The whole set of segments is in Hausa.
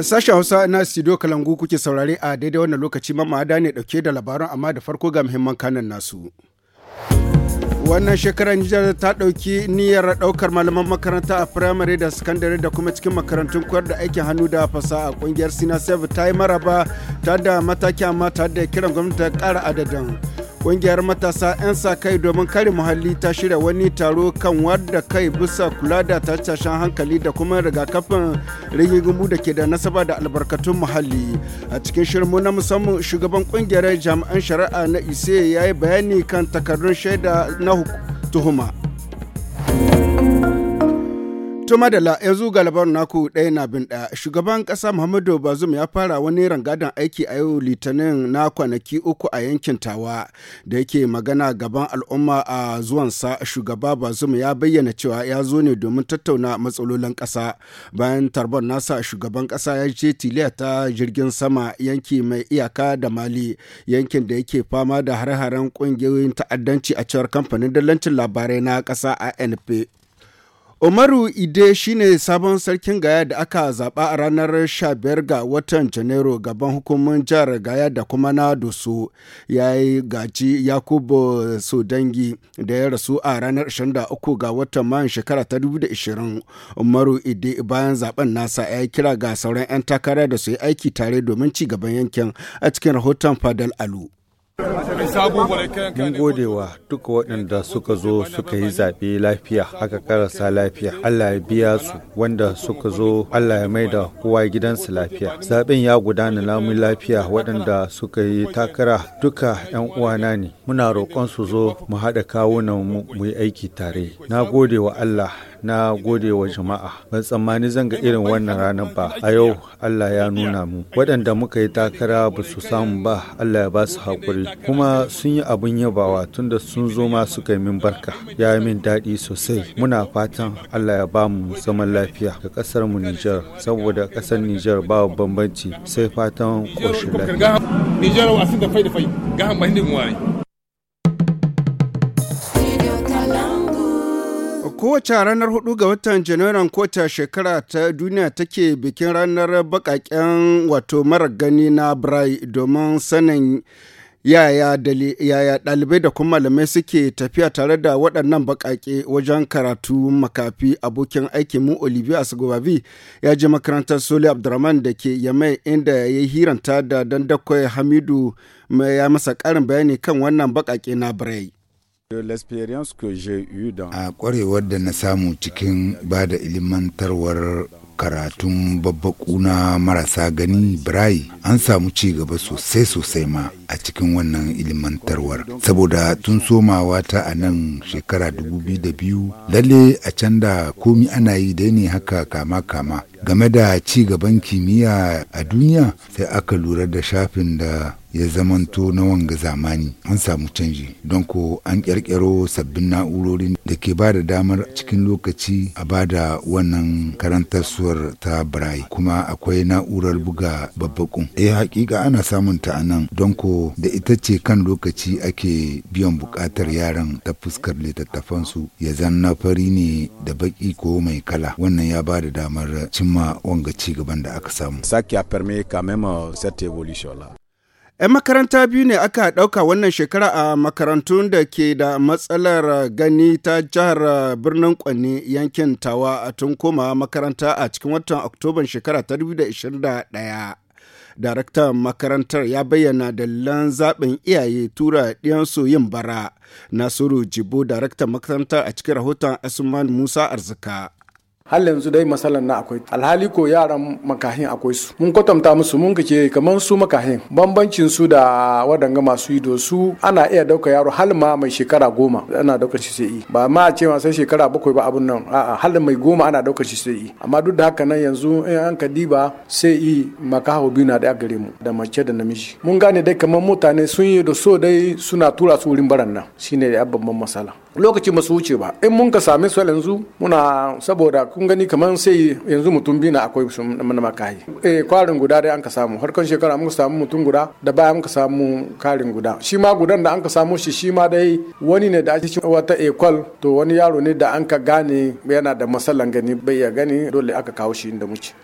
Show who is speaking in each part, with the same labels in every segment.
Speaker 1: Sashen Hausa na studio Kalangu kuke saurare a daidai wannan lokaci mamada ne dauke da labaran amma da farko ga muhimman kanan nasu. Wannan shekarar Nijar ta dauki niyyar daukar malaman makaranta a firamare da sakandare da kuma cikin makarantun koyar da aikin hannu da fasaha kungiyar Sina ta yi maraba ta da mataki amma ta da kiran gwamnati ta kara adadin. Ƙungiyar matasa 'yan sa kai domin kare muhalli ta shirya wani taro kan wadda kai bisa kula da tashashen hankali da kuma rigakafin rigingimu da ke da nasaba da albarkatun muhalli. A cikin shirmu na musamman shugaban ƙungiyar jami'an shari'a na ise ya yi bayani kan takardun shaida na tuhuma. to da la yanzu galabar naku ɗaya na bin ɗaya. Shugaban ƙasa Muhammadu Bazum ya fara wani rangadan aiki a yau Litinin na kwanaki uku a yankin Tawa da yake magana gaban al'umma a zuwansa shugaba Bazum ya bayyana cewa ya zo ne domin tattauna matsalolin ƙasa. Bayan tarbon nasa shugaban ƙasa ya je tiliya ta jirgin sama yanki mai iyaka da Mali yankin da yake fama da har-haren ƙungiyoyin ta'addanci a cewar kamfanin dallancin labarai na ƙasa ANP. Umaru Ide shine sabon sarkin Gaya da aka zaba a ranar 15 ga watan Janairu gaban hukumin jihar Gaya da kuma na dusu ya yi gaji Yakubu Sudangi da ya rasu a ranar 23 ga watan Mayun shekara ta 2020. Umaru Ide bayan zaben nasa ya kira ga sauran 'yan takara da su yi aiki tare domin ci gaban yankin a cikin rahoton Fadal Alu.
Speaker 2: Mun gode wa
Speaker 1: duka waɗanda suka zo suka yi zaɓe lafiya aka karasa lafiya. Allah ya biya su wanda suka zo Allah ya mai da kowa gidansu lafiya. Zaɓen ya gudana namun lafiya waɗanda suka yi takara duka 'yan uwana ne. Muna roƙon su zo mu haɗa kawunan mu yi aiki tare. Na gode wa Allah na gode wa jama'a ban tsammani zan ga irin wannan ranar ba a yau Allah ya nuna mu waɗanda muka yi takara ba su samu ba Allah ya ba su haƙuri kuma sun yi abin yabawa tunda sun zo ma suka yi min barka ya yi min daɗi sosai muna fatan Allah ya ba mu zaman lafiya ga ƙasar mu Nijar saboda ƙasar Nijar ba bambanci sai fatan
Speaker 3: ƙoshin lafiya. Nijar wasu da fai da fai ga
Speaker 1: kowace ranar hudu ga watan janairun kowace shekara ta duniya take bikin ranar bakaken wato mara gani na brai domin sanin yaya ɗalibai da kuma malamai suke tafiya tare da waɗannan baƙaƙe wajen karatu makafi abokin aikin mu olivier asigobavi ya je makarantar soli abdurrahman da ke yamai inda ya hiranta da dandakwai hamidu ya masa ƙarin bayani kan wannan bakake na brai
Speaker 2: A kwarewar da na samu cikin ba da ilimantarwar karatun babbaƙuna marasa gani birayi, an samu ci gaba sosai sosai ma a cikin wannan ilimantarwar saboda tun somawa ta a nan shekara 2002 lalle a can da komi ana yi dai ne haka kama kama game da ci gaban kimiyya a duniya sai aka lura da shafin da ya zamanto na wanga zamani an samu canji don ko an ƙirƙiro sabbin na'urorin da ke ba da damar cikin lokaci a ba da wannan karantarsuwar ta birai kuma akwai na'urar buga babbakun eh hakika ana samun ta a nan don ko da ita ce kan lokaci ake biyan buƙatar yaran ta fuskar littattafansu ya zan na fari ne da baki ko mai kala wannan ya ba da damar cimma wanga ci gaban da aka samu.
Speaker 3: Ça qui a permis quand même euh, cette
Speaker 2: évolution là.
Speaker 1: 'Yan makaranta biyu ne aka ɗauka wannan shekara a makarantun da ke da matsalar gani ta jihar birnin Kwanne yankin Tawa a tun koma makaranta a cikin watan Oktoban shekara ta 2021. Daraktan makarantar ya bayyana dalilan zaɓin iyaye tura ɗiyansu yin bara.
Speaker 3: Nasiru Jibo, daraktan makarantar a cikin rahoton Asman Musa Arzika. har yanzu dai masalan na akwai alhali ko yaran makahin akwai su mun kwatanta musu mun kake kaman su makahin bambancin su da wadanga masu ido su ana iya dauka yaro hal ma mai shekara goma ana dauka shi sai ba ma a ce ma sai shekara bakwai ba abun nan a'a hal mai goma ana dauka shi sai amma duk da haka nan yanzu in an ka diba sai yi makaho biyu na da gare mu da mace da namiji mun gane dai kaman mutane sun yi da so dai suna tura su wurin baran nan shine da babban masala lokaci masu wuce ba in mun ka sami su yanzu muna saboda kun gani kamar sai yanzu mutum biyu na akwai su mana makahi eh kwarin guda dai an ka samu harkan shekara mun samu mutum guda da baya mun ka samu karin guda shi ma gudan da an ka samu shi shi ma dai wani ne da ake wata ekol to wani yaro ne da an ka gane yana da masalan gani bai ya gani dole aka kawo shi inda muke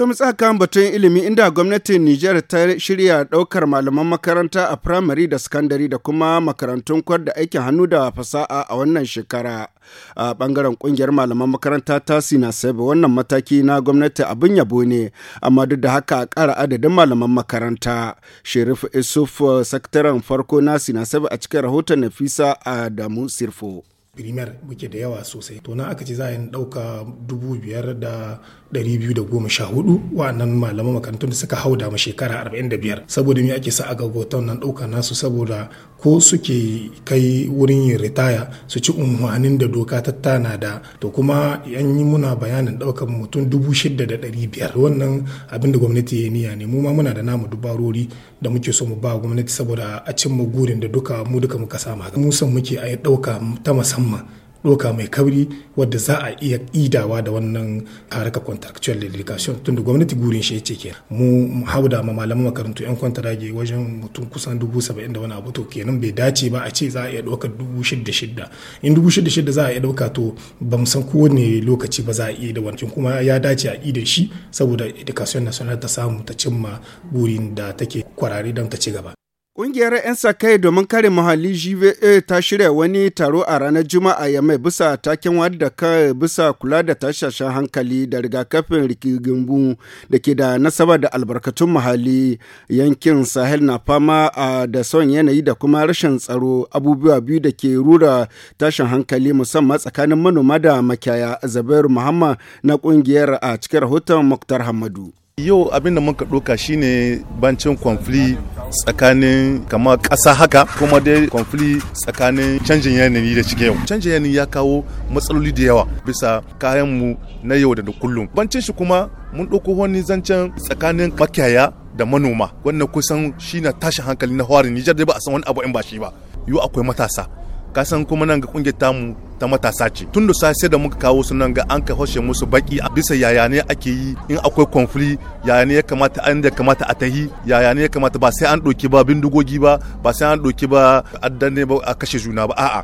Speaker 1: ta mutsakan batun ilimi inda gwamnatin Nijar ta shirya ɗaukar malaman makaranta a firamare da sakandare da kuma makarantun kwar da aikin hannu da fasaha a wannan shekara. A bangaren ƙungiyar malaman makaranta ta sina sebe wannan mataki na gwamnati abin yabo ne, amma duk da haka a ƙara adadin malaman makaranta. Sherif Isuf sakataren farko na sina sebe a cikin rahoton Nafisa a Adamu Sirfo.
Speaker 3: Primer muke da yawa sosai. To na aka ce za a yi ɗauka dubu biyar da 214 wa'annan malaman makarantun da suka hauda mu shekara 45 saboda me ake sa a ta nan ɗaukar nasu saboda ko suke kai wurin yin ritaya su ci unguwanin da doka ta tana da to kuma yan yi muna bayanin ɗaukar mutum 6,500 wannan abin da gwamnati ya niya ne mu ma muna da namu dubarori da muke so mu ba gwamnati saboda a cimma gurin da duka mu duka muka sama mu san muke a ɗauka ta musamman doka mai kauri wadda za a iya idawa da wannan haraka contractual delegation tun da gwamnati gurin shi ce kenan mu hauda ma malaman makarantu yan kwantarage wajen mutum kusan dubu saba'in da wani abu to kenan bai dace ba a ce za a iya ɗaukar dubu shidda shidda in dubu shidda shidda za a iya ɗauka to ba mu san kowane lokaci ba za a iya da wancan kuma ya dace a ida shi saboda education national ta samu ta cimma burin da take kwarare don ta ci gaba
Speaker 1: Ƙungiyar 'yan sa-kai domin kare muhalli GVA ta shirya wani taro a ranar Juma'a ya mai bisa taken wadda kai bisa kula da tashashen hankali da rigakafin rikigimbu da ke da nasaba da albarkatun muhalli yankin Sahel na fama a da son yanayi da kuma rashin tsaro abubuwa biyu da ke rura tashin hankali musamman tsakanin manoma da makiyaya Zabairu Muhammad na ƙungiyar a cikin rahoton Muktar Hamadu. yau abin da muka ɗauka shine bancin kwamfli tsakanin kama ƙasa haka kuma dai kwamfli tsakanin canjin yanayi da cike yau canjin yanayi ya kawo matsaloli da yawa bisa kayanmu na yau da kullum bancin shi kuma mun ɗauko wani zancen tsakanin makiyaya da manoma wannan kusan shi na tashin hankali na hwarin nijar da ba a san wani abu in ba shi ba yau akwai matasa kasan kuma nan ga kungiyar tamu ta matasa ce tun da sai da muka kawo su nan ga an ka hoshe musu baki a bisa yaya ne ake yi in akwai konfli yaya ne ya kamata an da kamata a tahi yaya ne ya kamata ba sai an doki ba bindigogi ba ba sai an doki ba addan ne ba a kashe juna ba a'a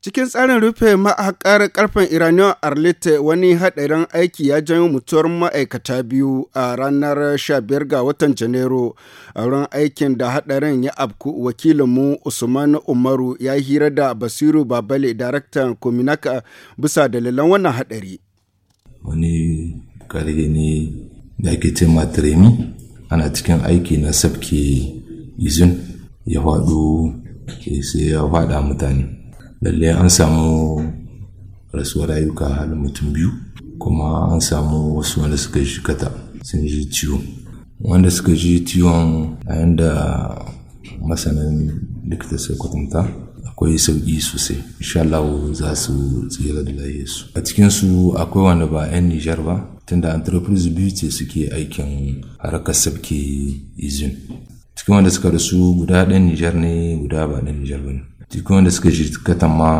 Speaker 1: Cikin tsarin rufe mahaƙar karfen Iranian Arlite wani haɗarin aiki ya janyo mutuwar ma'aikata biyu a ranar 15 ga watan Janairu a wurin aikin da haɗarin ya afku wakilinmu Usman Umaru ya hira da Basiru Babale daraktan Kominaka bisa dalilan wannan haɗari.
Speaker 2: Wani ƙarfi ne da ake ce matremi ana cikin aiki na sabke izin ya faɗo sai ya faɗa mutane. lalle an samu rasuwar rayuka har mutum biyu kuma an samu wasu wanda suka ji kata sun ji ciwo wanda suka ji ciwon a yanda masanin likita sai kwatanta akwai sauƙi sosai insha Allah za su tsira da su a cikin su akwai wanda ba 'yan Nijar ba tunda entreprise biyu ce suke aikin harkar sabke izin cikin wanda suka rasu guda ɗan Nijar ne guda ba ɗan Nijar ba ne cikin wanda suka jirkatan ma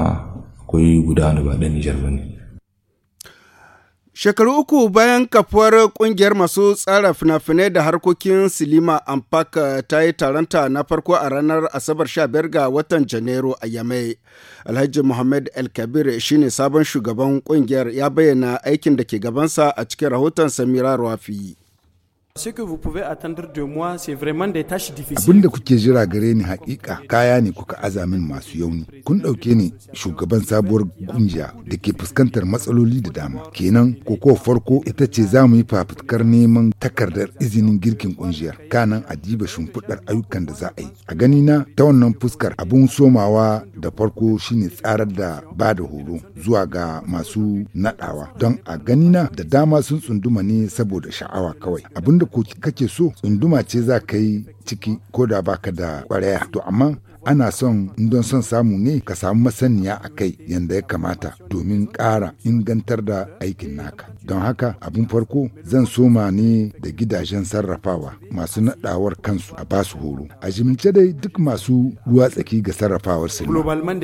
Speaker 2: akwai guda ba ɗan nijar ba ne
Speaker 1: Shekaru uku bayan kafuwar kungiyar masu tsara fina-finai da harkokin Silima Ampak eh, ta yi taronta na farko a ranar Asabar 15 ga watan Janairu a Yamai. Alhaji Muhammad El Kabir shine sabon shugaban kungiyar ya bayyana aikin da ke gabansa a cikin rahoton Samira Rafi.
Speaker 3: Abin
Speaker 2: da kuke jira gare ni haƙiƙa kaya ne kuka azamin masu yauni. Kun ɗauke ni shugaban sabuwar ƙungiya da ke fuskantar matsaloli da dama. Kenan koko farko ita ce za mu yi fafutukar neman takardar izinin girkin kungiyar. Kanan a diba shimfiɗar ayyukan da za a yi. A gani na ta wannan fuskar abun somawa da farko shine tsarar da ba da horo zuwa ga masu naɗawa. Don a gani na da dama sun tsunduma ne saboda sha'awa kawai. Abin da kake so tsunduma ce za ka yi ciki ko da baka da kwaraya to amma ana son don son samu ne ka samu masaniya a kai yadda ya kamata domin ƙara ingantar da aikin naka don haka abin farko zan soma ne da gidajen sarrafawa masu naɗawar kansu a basu horo a jimince dai duk masu ruwa tsaki ga sarrafawar
Speaker 1: sinima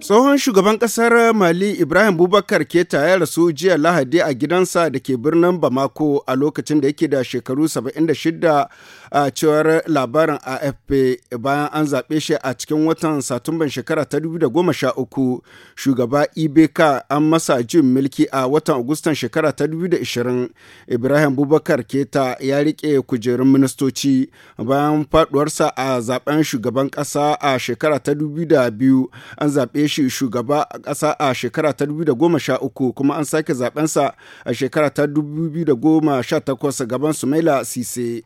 Speaker 1: Tsohon shugaban ƙasar Mali Ibrahim Bubakar Keta ya rasu jiya Lahadi a gidansa da ke birnin Bamako a lokacin da yake da shekaru 76 a cewar labarin AFP bayan an zaɓe shi a cikin watan Satumban shekara ta 2013. Shugaba Ibeka an masa jin mulki a watan Agustan shekara ta 2020. Ibrahim Bubakar Keta ya riƙe kujerun ministoci bayan faɗuwarsa a zaɓen shugaban ƙasa a shekara ta 2002 an zaɓe shi shugaba a ƙasa a shekara ta 2013 kuma an sake zaɓensa a shekara ta 2018 gaban Sumaila Sise.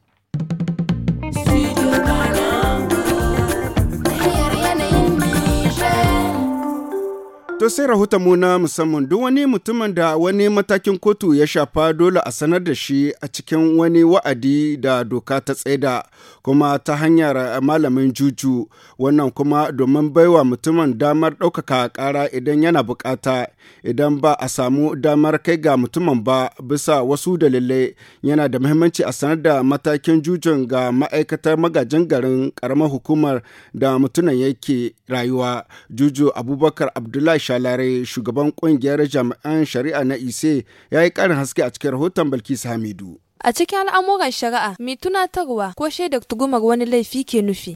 Speaker 1: To sai rahoton mu na musamman duk wani mutumin da wani matakin kotu ya shafa dole a sanar da shi a cikin wani wa'adi da doka ta tsaida kuma ta hanyar malamin juju wannan kuma domin baiwa mutumin damar ɗaukaka ƙara idan yana bukata idan ba a samu damar kai ga mutumin ba bisa wasu dalilai yana da muhimmanci a sanar da matakin jujun ga ma'aikatar magajin garin ƙaramar hukumar da mutumin yake rayuwa juju abubakar abdullahi Shalare shugaban kungiyar jami'an shari'a na ise ya yi ƙarin haske a cikin rahoton Bilkisu Hamidu. A cikin al'amuran shari'a, mai tunatarwa ko shaidar tugumar wani laifi ke nufi.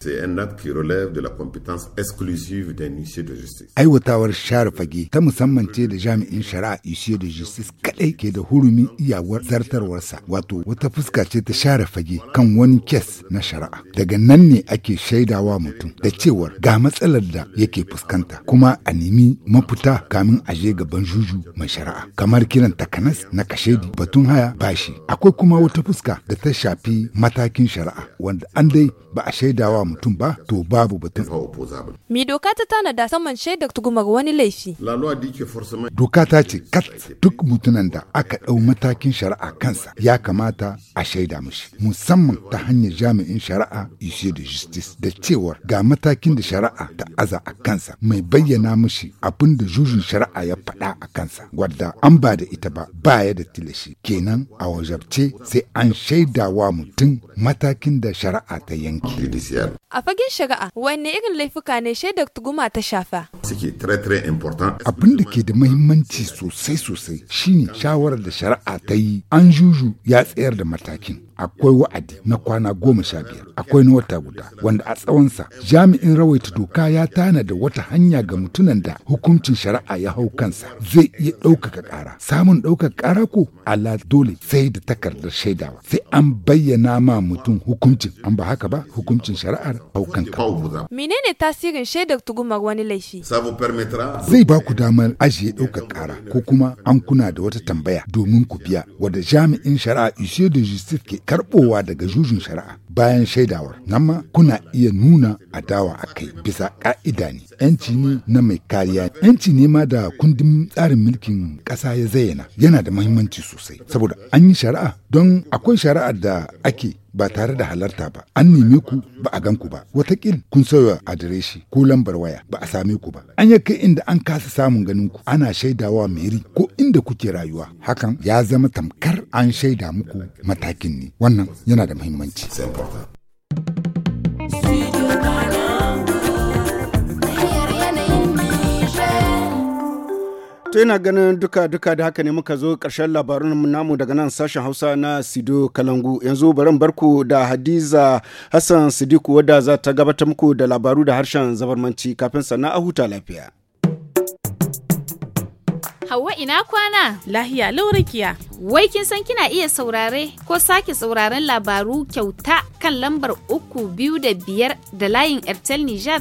Speaker 2: Aiwatawar share fage ta musamman ce da jami'in shari'a Isiyo da Justice kadai ke da hurumin iyawar zartarwarsa, wato wata fuska ce ta share fage kan wani kes na shari'a. Daga nan ne ake shaidawa mutum da cewar ga matsalar da yake fuskanta kuma a nemi mafita kamin a je gaban juju mai shari'a. Kamar kiran takanas na kashedi batun haya bashi. Akwai kuma wata fuska da ta shafi matakin shari'a wanda an dai ba a shaidawa mutum ba to babu batun.
Speaker 1: Mi doka ta tana da saman shaidar tugumar wani laifi.
Speaker 2: Doka ta ce kat duk mutunan da aka ɗau matakin shari'a kansa ya kamata a shaida mushi. musamman ta hanyar jami'in shari'a ishe da justice da cewar ga matakin da shari'a ta aza a kansa mai bayyana mushi abin da jujun shari'a ya faɗa a kansa wadda an ba da ita ba baya da tilashi kenan a wajabce sai an shaida wa mutum matakin da shari'a ta yanke.
Speaker 1: A fagen shari'a, wanne irin laifuka ne shaidar tuguma ta shafa?
Speaker 2: Abin da ke da mahimmanci sosai-sosai shine shawarar da shari'a ta yi an juju ya tsayar da matakin. akwai wa'adi na kwana goma sha biyar akwai na wata guda wanda a tsawonsa jami'in rawaita doka ya tana da wata hanya ga mutunan da hukuncin shari'a ya hau kansa zai iya ɗaukaka ƙara samun ɗaukaka ƙara ko ala dole sai da takardar shaidawa sai an bayyana ma mutum hukuncin an ba haka ba hukuncin shari'ar hau kanka
Speaker 1: menene tasirin shaidar tugumar wani laifi
Speaker 2: zai ba ku damar ajiye ɗaukar ƙara ko kuma an kuna da wata tambaya domin ku biya wadda jami'in shari'a ishe da justice ke karɓowa daga jujun shari'a bayan shaidawar nan ma kuna iya nuna adawa a kai bisa ka'ida ne yanci ne na mai kariya yanci ne ma da kundin tsarin mulkin ƙasa ya zayyana yana da mahimmanci sosai saboda an yi shari'a don akwai shari'a da ake ba tare da halarta ba an neme ku ba a gan ku ba watakil kun sauya adireshi ko lambar waya ba a same ku ba an ya kai inda an kasa samun ganin ku ana shaidawa meri ko inda kuke rayuwa hakan ya zama tamkar an shaida muku matakin ne wannan yana da muhimmanci
Speaker 1: To yana ganin duka-duka da haka ne muka zo ƙarshen labarin namu daga nan sashen Hausa na Sido Kalangu. Yanzu barin barku da Hadiza Hassan Sidiku wadda za ta gabatar muku da labaru da harshen zabarmanci kafin sana a huta lafiya. hawa ina kwana? Lahiya laurakiya. Wai kin san kina iya saurare ko sake sauraren labaru kyauta kan lambar uku biyu da biyar da layin Airtel Niger?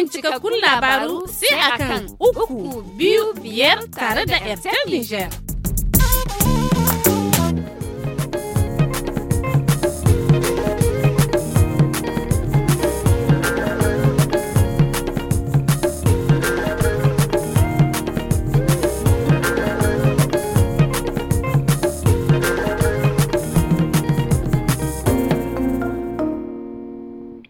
Speaker 1: domin cikakkun labaru sai akan
Speaker 2: uku
Speaker 1: biyu biyar tare da Airtel Niger.